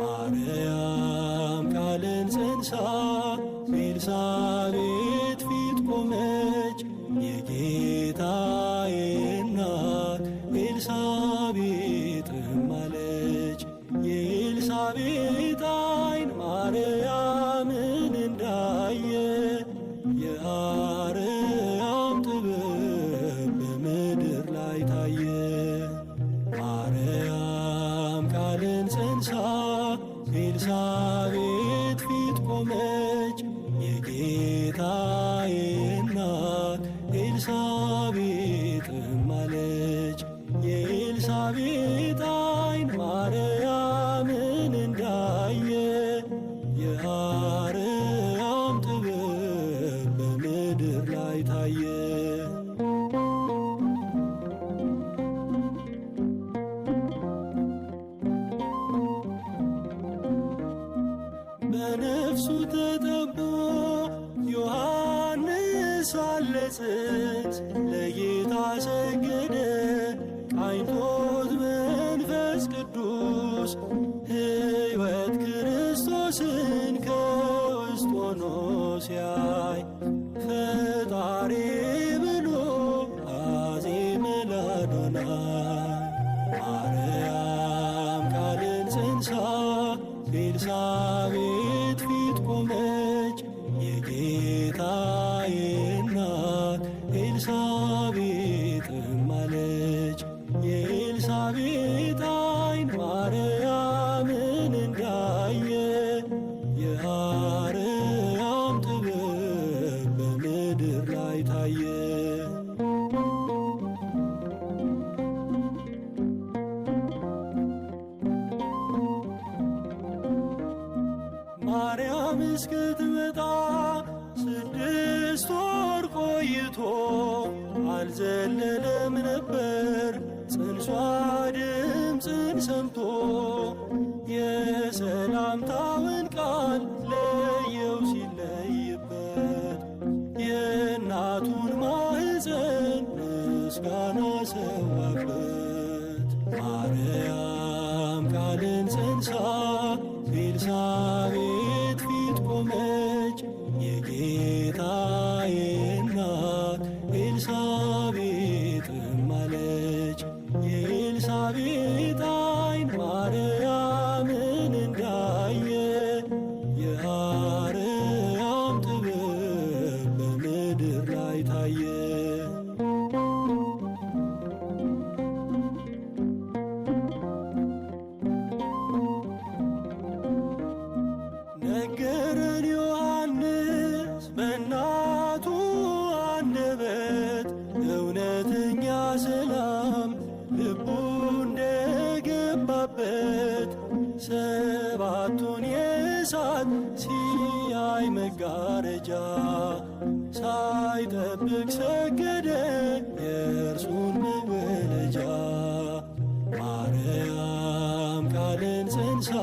ማርያም ቃልን ጸንሳ ቤልሳቤት ፊት ቆመች። የጌታዬ እናት ኤልሳቤጥም አለች። የኤልሳቤጥ አይን ማርያምን እንዳየ ኤልሳቤት ፊት ቆመች የጌታዬ እናት ኤልሳቤጥም አለች የኤልሳቤጥ በእርሱ ተጠቦ ዮሐንስ አለጸት ለጌታ ሰገደ ቃኝቶት መንፈስ ቅዱስ ሕይወት ክርስቶስን ከውስጥ ሆኖ ሲያይ ፈጣሪ ብሎ አዜመ ለአዶናይ ማርያም ቃልን ጽንሳ ቤልሳ ላይ ማርያም እስክትመጣ ስድስት ወር ቆይቶ አልዘለለም ነበር ጽንሷ ድምፅን ሰምቶ ምስጋና ሰዋሽት ማርያም ቃልን ጸንሳ ቤልሳቤት ፊት ቆመች የጌ ሰባቱን የእሳት ሲያይ መጋረጃ ሳይጠብቅ ሰገደ የእርሱን መወለጃ ማርያም ቃልን ጸንሳ